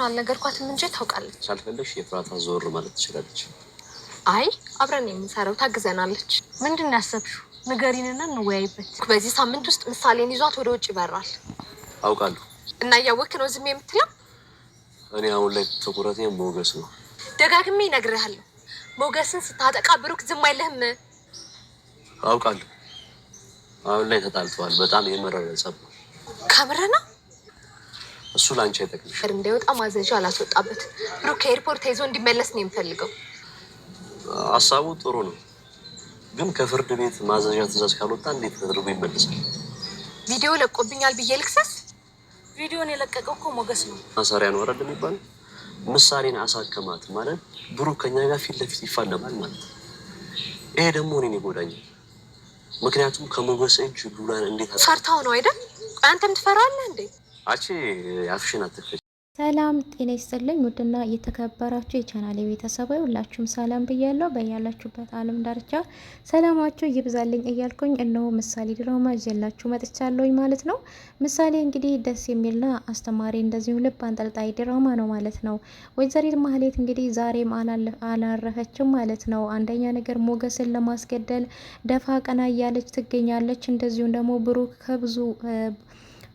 እንደሆነ አልነገርኳትም እንጂ ታውቃለች። አልፈለሽ የፍራታ ዞር ማለት ትችላለች። አይ አብረን የምንሰራው ታግዘናለች። ምንድን ያሰብሽው ንገሪንና እንወያይበት። በዚህ ሳምንት ውስጥ ምሳሌን ይዟት ወደ ውጭ ይበራል። አውቃለሁ። እና እያወክ ነው ዝም የምትለው? እኔ አሁን ላይ ትኩረት ሞገስ ነው። ደጋግሜ ይነግርሃለሁ። ሞገስን ስታጠቃ ብሩክ ዝም አይልህም። አውቃለሁ። አሁን ላይ ተጣልተዋል። በጣም የመረረ ጸብ ከምር ነው እሱ ላንቺ አይጠቅምሽ። እንዳይወጣ ማዘዣ አላስወጣበት። ብሩክ ከኤርፖርት ተይዞ እንዲመለስ ነው የምፈልገው። ሀሳቡ ጥሩ ነው፣ ግን ከፍርድ ቤት ማዘዣ ትእዛዝ ካልወጣ እንዴት ተደርጎ ይመለሳል? ቪዲዮ ለቆብኛል ብዬ ልክሰስ? ቪዲዮን የለቀቀው እኮ ሞገስ ነው። ነው ወረድ የሚባል ምሳሌን አሳከማት ማለት ብሩ ከኛ ጋር ፊት ለፊት ይፋለማል ማለት ነው። ይሄ ደግሞ እኔን ይጎዳኛል። ምክንያቱም ከሞገስ እጅ ሉላን እንዴት ሰርታው ነው አይደል? አንተም ትፈራለህ እንዴ? አቺ አፍሽን ሰላም ጤና ይስጥልኝ። ውድና እየተከበራችሁ የቻናሌ የቤተሰባዊ ሁላችሁም ሰላም ብያለሁ። በያላችሁበት ዓለም ዳርቻ ሰላማችሁ ይብዛልኝ እያልኩኝ እነሆ ምሳሌ ድራማ ይዤላችሁ መጥቻለሁኝ ማለት ነው። ምሳሌ እንግዲህ ደስ የሚልና አስተማሪ እንደዚሁም ልብ አንጠልጣይ ድራማ ነው ማለት ነው። ወይዘሪት ማህሌት እንግዲህ ዛሬም አላረፈችም ማለት ነው። አንደኛ ነገር ሞገስን ለማስገደል ደፋ ቀና እያለች ትገኛለች። እንደዚሁም ደግሞ ብሩክ ከብዙ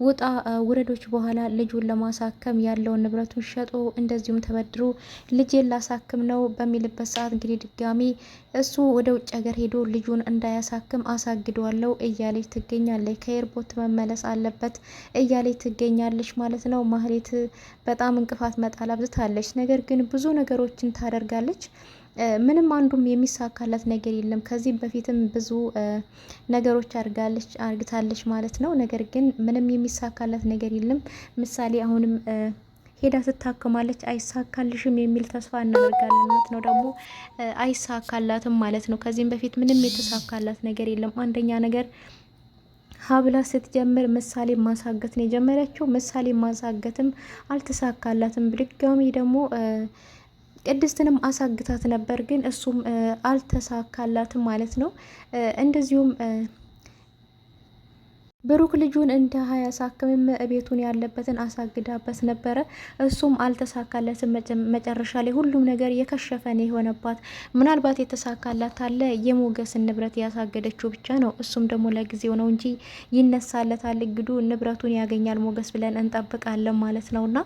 ውጣ ውረዶች በኋላ ልጁን ለማሳከም ያለውን ንብረቱን ሸጦ እንደዚሁም ተበድሮ ልጄን ላሳክም ነው በሚልበት ሰዓት እንግዲህ ድጋሚ እሱ ወደ ውጭ ሀገር ሄዶ ልጁን እንዳያሳክም አሳግደዋለሁ እያለች ትገኛለች። ከኤርፖርት መመለስ አለበት እያለች ትገኛለች ማለት ነው። ማህሌት በጣም እንቅፋት መጣል አብዝታለች። ነገር ግን ብዙ ነገሮችን ታደርጋለች። ምንም አንዱም የሚሳካላት ነገር የለም። ከዚህ በፊትም ብዙ ነገሮች አርጋለች አርግታለች ማለት ነው። ነገር ግን ምንም የሚሳካላት ነገር የለም። ምሳሌ አሁንም ሄዳ ትታከማለች፣ አይሳካልሽም የሚል ተስፋ እናደርጋለን ማለት ነው። ደግሞ አይሳካላትም ማለት ነው። ከዚህም በፊት ምንም የተሳካላት ነገር የለም። አንደኛ ነገር ሀብላ ስትጀምር ምሳሌ ማሳገት ነው የጀመረችው። ምሳሌ ማሳገትም አልተሳካላትም። ድጋሚ ደግሞ ቅድስትንም አሳግታት ነበር፣ ግን እሱም አልተሳካላትም ማለት ነው እንደዚሁም ብሩክ ልጁን እንደ ሀያ ሳክምም ቤቱን ያለበትን አሳግዳበት ነበረ። እሱም አልተሳካለትም። መጨረሻ ላይ ሁሉም ነገር የከሸፈን የሆነባት ምናልባት የተሳካላት አለ የሞገስን ንብረት ያሳገደችው ብቻ ነው። እሱም ደግሞ ለጊዜው ነው እንጂ ይነሳለታል፣ እግዱ ንብረቱን ያገኛል ሞገስ ብለን እንጠብቃለን ማለት ነውና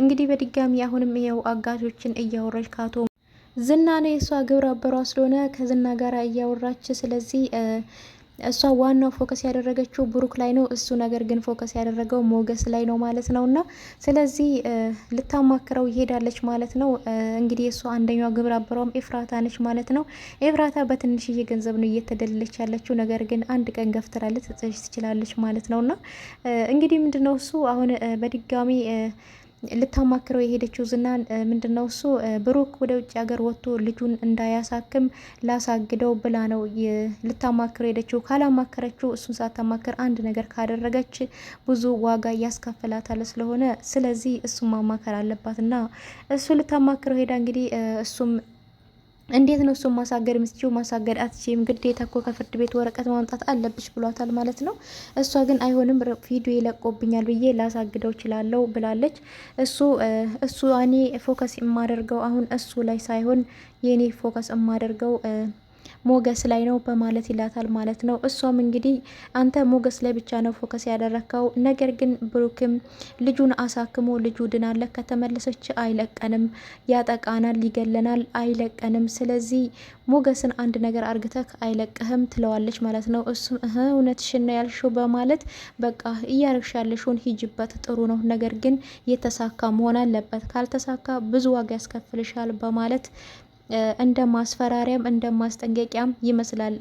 እንግዲህ በድጋሚ አሁንም ይኸው አጋቾችን እያወረች ካቶ ዝና ነው የእሷ ግብረ አበሯ ስለሆነ ከዝና ጋር እያወራች ስለዚህ እሷ ዋናው ፎከስ ያደረገችው ብሩክ ላይ ነው። እሱ ነገር ግን ፎከስ ያደረገው ሞገስ ላይ ነው ማለት ነው። እና ስለዚህ ልታማክረው ይሄዳለች ማለት ነው። እንግዲህ እሷ አንደኛው ግብረ አበሯም ኤፍራታ ነች ማለት ነው። ኤፍራታ በትንሽዬ ገንዘብ ነው እየተደለለች ያለችው። ነገር ግን አንድ ቀን ገፍትራ ልትጥልሽ ትችላለች ማለት ነው። እና እንግዲህ ምንድነው እሱ አሁን በድጋሚ ልታማክረው የሄደችው ዝና ምንድን ነው እሱ ብሩክ ወደ ውጭ ሀገር ወጥቶ ልጁን እንዳያሳክም ላሳግደው ብላ ነው ልታማክረው የሄደችው። ካላማከረችው እሱን ሳታማክር አንድ ነገር ካደረገች ብዙ ዋጋ ያስከፍላታል ስለሆነ ስለዚህ እሱን ማማከር አለባት እና እሱ ልታማክረው ሄዳ እንግዲህ እሱም እንዴት ነው እሱን ማሳገድ ምስችው? ማሳገድ አትችም፣ ግዴታ እኮ ከፍርድ ቤት ወረቀት ማምጣት አለብሽ ብሏታል ማለት ነው። እሷ ግን አይሆንም ቪዲዮ ይለቆብኛል ብዬ ላሳግደው እችላለሁ ብላለች። እሱ እሱ እኔ ፎከስ የማደርገው አሁን እሱ ላይ ሳይሆን የእኔ ፎከስ የማደርገው ሞገስ ላይ ነው በማለት ይላታል ማለት ነው። እሷም እንግዲህ አንተ ሞገስ ላይ ብቻ ነው ፎከስ ያደረከው ነገር ግን ብሩክም ልጁን አሳክሞ ልጁ ድናለ ከተመለሰች አይለቀንም፣ ያጠቃናል፣ ይገለናል፣ አይለቀንም። ስለዚህ ሞገስን አንድ ነገር አርግተክ አይለቅህም ትለዋለች ማለት ነው። እሱም እህ እውነትሽን ነው ያልሽው በማለት በቃ እያረግሽ ያለሽውን ሂጅበት ጥሩ ነው፣ ነገር ግን የተሳካ መሆን አለበት፣ ካልተሳካ ብዙ ዋጋ ያስከፍልሻል በማለት እንደ ማስፈራሪያም እንደ ማስጠንቀቂያም ይመስላል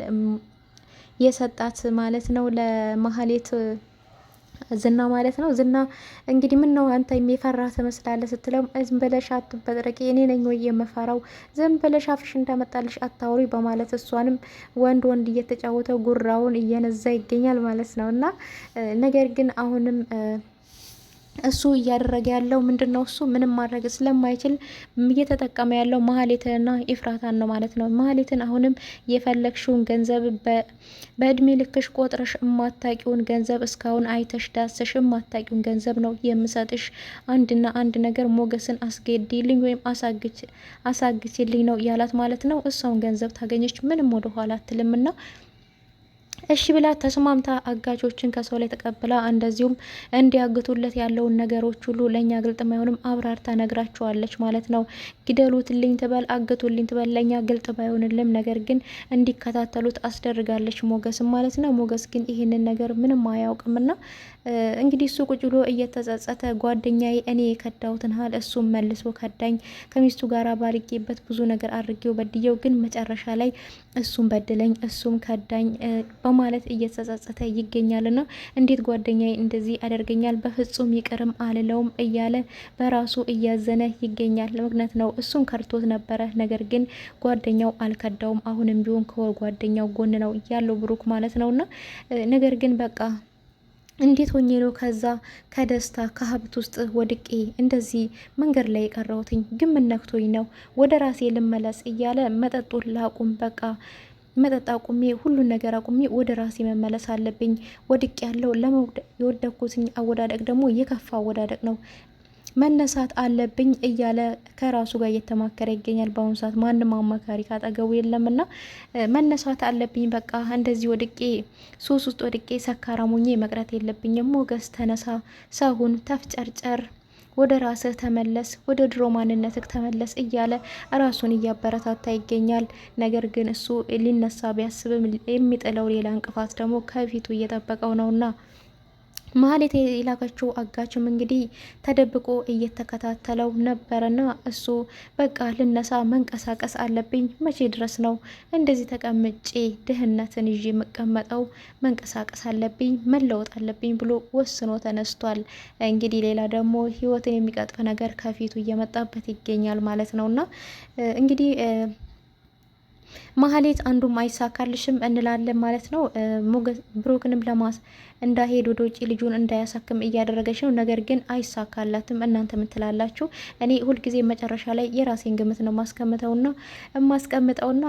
የሰጣት ማለት ነው ለማህሌት ዝና ማለት ነው። ዝና እንግዲህ ምን ነው አንተ የሚፈራ ትመስላለህ ስትለው ዝም ብለሽ አትበጥረቂ፣ እኔ ነኝ ወይ የምፈራው? ዝም ብለሽ አፍሽ እንዳመጣልሽ አታውሪ በማለት እሷንም ወንድ ወንድ እየተጫወተው ጉራውን እየነዛ ይገኛል ማለት ነው እና ነገር ግን አሁንም እሱ እያደረገ ያለው ምንድን ነው? እሱ ምንም ማድረግ ስለማይችል እየተጠቀመ ያለው ማህሌትንና ኢፍራታን ነው ማለት ነው። ማህሌትን አሁንም የፈለግሽውን ገንዘብ በእድሜ ልክሽ ቆጥረሽ እማታቂውን ገንዘብ እስካሁን አይተሽ ዳሰሽ እማታቂውን ገንዘብ ነው የምሰጥሽ። አንድና አንድ ነገር ሞገስን አስገድልኝ ወይም አሳግችልኝ ነው ያላት ማለት ነው። እሷውን ገንዘብ ታገኘች ምንም ወደኋላ አትልምና እሺ ብላ ተስማምታ አጋቾችን ከሰው ላይ ተቀብላ እንደዚሁም እንዲያግቱለት ያለውን ነገሮች ሁሉ ለእኛ ግልጥ ባይሆንም አብራርታ ነግራቸዋለች ማለት ነው። ግደሉትልኝ ትበል፣ አግቱልኝ ትበል ለእኛ ግልጥ ባይሆንልም ነገር ግን እንዲከታተሉት አስደርጋለች ሞገስ ማለት ነው። ሞገስ ግን ይህንን ነገር ምንም አያውቅምና እንግዲህ እሱ ቁጭ ብሎ እየተጸጸተ ጓደኛዬ እኔ የከዳሁትን ሀል እሱም መልሶ ከዳኝ ከሚስቱ ጋር ባልጌበት ብዙ ነገር አድርጌው በድየው ግን መጨረሻ ላይ እሱም በድለኝ እሱም ከዳኝ በማለት እየተጸጸተ ና እንዴት ጓደኛዬ እንደዚህ ያደርገኛል በፍጹም ይቅርም አልለውም እያለ በራሱ እያዘነ ይገኛል። ምክንያት ነው እሱም ከርቶት ነበረ። ነገር ግን ጓደኛው አልከዳውም። አሁንም ቢሆን ከጓደኛው ጎን ነው ያለው ብሩክ ማለት ነውና ነገር ግን በቃ እንዴት ሆኜ ነው ከዛ ከደስታ ከሀብት ውስጥ ወድቄ እንደዚህ መንገድ ላይ የቀረሁትኝ? ግን ምን ነክቶኝ ነው? ወደ ራሴ ልመለስ እያለ መጠጡን ላቁም በቃ መጠጥ አቁሜ ሁሉን ነገር አቁሜ ወደ ራሴ መመለስ አለብኝ። ወድቅ ያለው የወደኩትኝ አወዳደቅ ደግሞ የከፋ አወዳደቅ ነው መነሳት አለብኝ እያለ ከራሱ ጋር እየተማከረ ይገኛል። በአሁኑ ሰዓት ማንም አማካሪ ካጠገቡ የለምና መነሳት አለብኝ በቃ እንደዚህ ወድቄ ሶስት ውስጥ ወድቄ ሰካራሙኜ መቅረት የለብኝም። ሞገስ ተነሳ፣ ሰሁን ተፍጨርጨር ወደ ራስህ ተመለስ፣ ወደ ድሮ ማንነትህ ተመለስ እያለ ራሱን እያበረታታ ይገኛል። ነገር ግን እሱ ሊነሳ ቢያስብም የሚጥለው ሌላ እንቅፋት ደግሞ ከፊቱ እየጠበቀው ነውና ማህሌት የላከችው አጋችም እንግዲህ ተደብቆ እየተከታተለው ነበረና እሱ በቃ ልነሳ መንቀሳቀስ አለብኝ። መቼ ድረስ ነው እንደዚህ ተቀምጬ ድህነትን ይዤ የምቀመጠው? መንቀሳቀስ አለብኝ፣ መለወጥ አለብኝ ብሎ ወስኖ ተነስቷል። እንግዲህ ሌላ ደግሞ ህይወትን የሚቀጥፍ ነገር ከፊቱ እየመጣበት ይገኛል ማለት ነውና እንግዲህ ማህሌት አንዱም አይሳካልሽም እንላለን ማለት ነው ብሩክንም ለማስ እንዳሄድ ወደ ውጭ ልጁን እንዳያሳክም እያደረገች ነው። ነገር ግን አይሳካላትም። እናንተ ምን ትላላችሁ? እኔ ሁልጊዜ መጨረሻ ላይ የራሴን ግምት ነው ማስቀምጠውና የማስቀምጠውና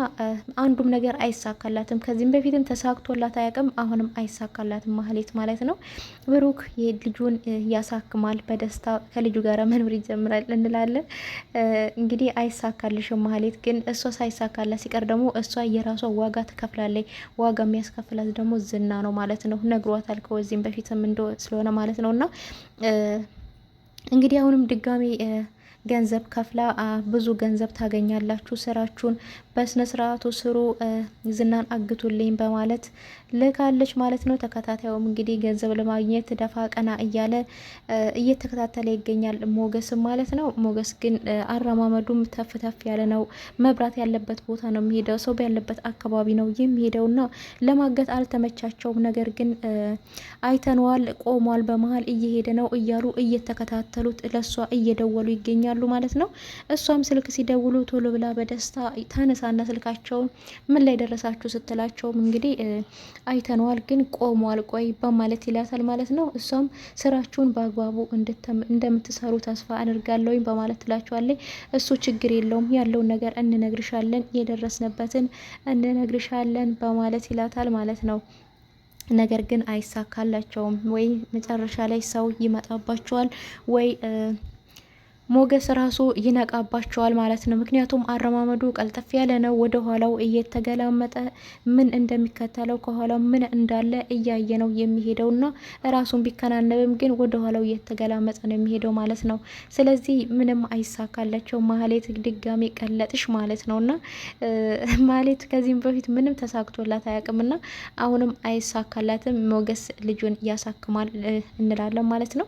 አንዱም ነገር አይሳካላትም። ከዚህም በፊትም ተሳክቶላት አያውቅም። አሁንም አይሳካላትም ማህሌት ማለት ነው። ብሩክ ልጁን ያሳክማል በደስታ ከልጁ ጋር መኖር ይጀምራል እንላለን። እንግዲህ አይሳካልሽም ማህሌት ግን እሷ ሳይሳካላት ሲቀር ደግሞ እሷ የራሷ ዋጋ ትከፍላለች። ዋጋ የሚያስከፍላት ደግሞ ዝና ነው ማለት ነው። ነግሯታል የተናገርከው እዚህም በፊትም እንደ ስለሆነ ማለት ነው እና እንግዲህ አሁንም ድጋሚ ገንዘብ ከፍላ ብዙ ገንዘብ ታገኛላችሁ፣ ስራችሁን በስነ ስርዓቱ ስሩ፣ ዝናን አግቱልኝ በማለት ልካለች ማለት ነው። ተከታታዩም እንግዲህ ገንዘብ ለማግኘት ደፋ ቀና እያለ እየተከታተለ ይገኛል ሞገስም ማለት ነው። ሞገስ ግን አረማመዱም ተፍ ተፍ ያለ ነው። መብራት ያለበት ቦታ ነው የሚሄደው፣ ሰው ያለበት አካባቢ ነው የሚሄደውና ለማገት አልተመቻቸውም። ነገር ግን አይተነዋል፣ ቆሟል፣ በመሀል እየሄደ ነው እያሉ እየተከታተሉት ለሷ እየደወሉ ይገኛል። ይገኛሉ ማለት ነው። እሷም ስልክ ሲደውሉ ቶሎ ብላ በደስታ ተነሳና ስልካቸውን ምን ላይ ደረሳችሁ ስትላቸውም እንግዲህ አይተነዋል፣ ግን ቆሟል፣ ቆይ በማለት ይላታል ማለት ነው። እሷም ስራችሁን በአግባቡ እንደምትሰሩ ተስፋ አድርጋለሁ በማለት ትላቸዋለች። እሱ ችግር የለውም ያለውን ነገር እንነግርሻለን የደረስንበትን እንነግርሻለን በማለት ይላታል ማለት ነው። ነገር ግን አይሳካላቸውም ወይ መጨረሻ ላይ ሰው ይመጣባቸዋል ወይ ሞገስ ራሱ ይነቃባቸዋል ማለት ነው። ምክንያቱም አረማመዱ ቀልጠፍ ያለ ነው። ወደ ኋላው እየተገላመጠ ምን እንደሚከተለው ከኋላው ምን እንዳለ እያየ ነው የሚሄደው ና ራሱን ቢከናነብም ግን ወደ ኋላው እየተገላመጠ ነው የሚሄደው ማለት ነው። ስለዚህ ምንም አይሳካላቸው ማህሌት ድጋሚ ቀለጥሽ ማለት ነው ና ማህሌት ከዚህም በፊት ምንም ተሳክቶላት አያውቅም ና አሁንም አይሳካላትም። ሞገስ ልጁን ያሳክማል እንላለን ማለት ነው።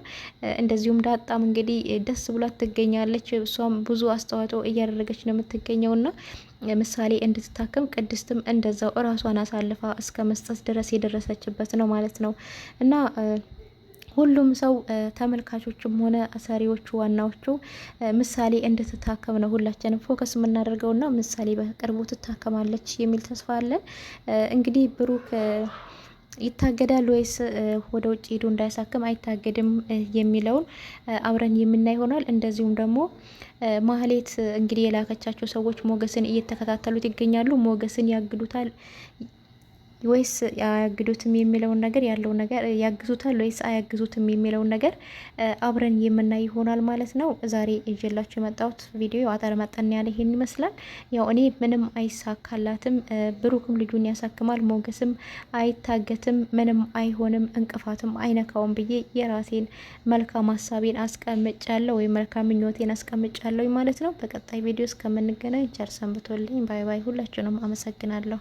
እንደዚሁም ዳጣም እንግዲህ ደስ ብሏት ትገኛለች። እሷም ብዙ አስተዋጽኦ እያደረገች ነው የምትገኘው ና ምሳሌ እንድትታከም ቅድስትም እንደዛው እራሷን አሳልፋ እስከ መስጠት ድረስ የደረሰችበት ነው ማለት ነው እና ሁሉም ሰው ተመልካቾችም ሆነ ሰሪዎቹ ዋናዎቹ ምሳሌ እንድትታከም ነው ሁላችንም ፎከስ የምናደርገውና ምሳሌ በቅርቡ ትታከማለች የሚል ተስፋ አለን። እንግዲህ ብሩክ ይታገዳል ወይስ ወደ ውጭ ሄዶ እንዳይሳክም አይታገድም የሚለውን አብረን የምናይ ይሆናል። እንደዚሁም ደግሞ ማህሌት እንግዲህ የላከቻቸው ሰዎች ሞገስን እየተከታተሉት ይገኛሉ። ሞገስን ያግዱታል ወይስ አያግዱትም የሚለውን ነገር ያለው ነገር ያግዙታል ወይስ አያግዙትም የሚለውን ነገር አብረን የምናይ ይሆናል ማለት ነው። ዛሬ እጀላችሁ የመጣሁት ቪዲዮ አጠር መጠን ያለ ይሄን ይመስላል። ያው እኔ ምንም አይሳካላትም፣ ብሩክም ልጁን ያሳክማል፣ ሞገስም አይታገትም፣ ምንም አይሆንም፣ እንቅፋትም አይነካውም ብዬ የራሴን መልካም ሀሳቤን አስቀምጫለሁ ወይም መልካም ምኞቴን አስቀምጫለሁ ማለት ነው። በቀጣይ ቪዲዮ እስከምንገናኝ ቸር ሰንብቶልኝ። ባይ ባይ። ሁላችሁንም አመሰግናለሁ።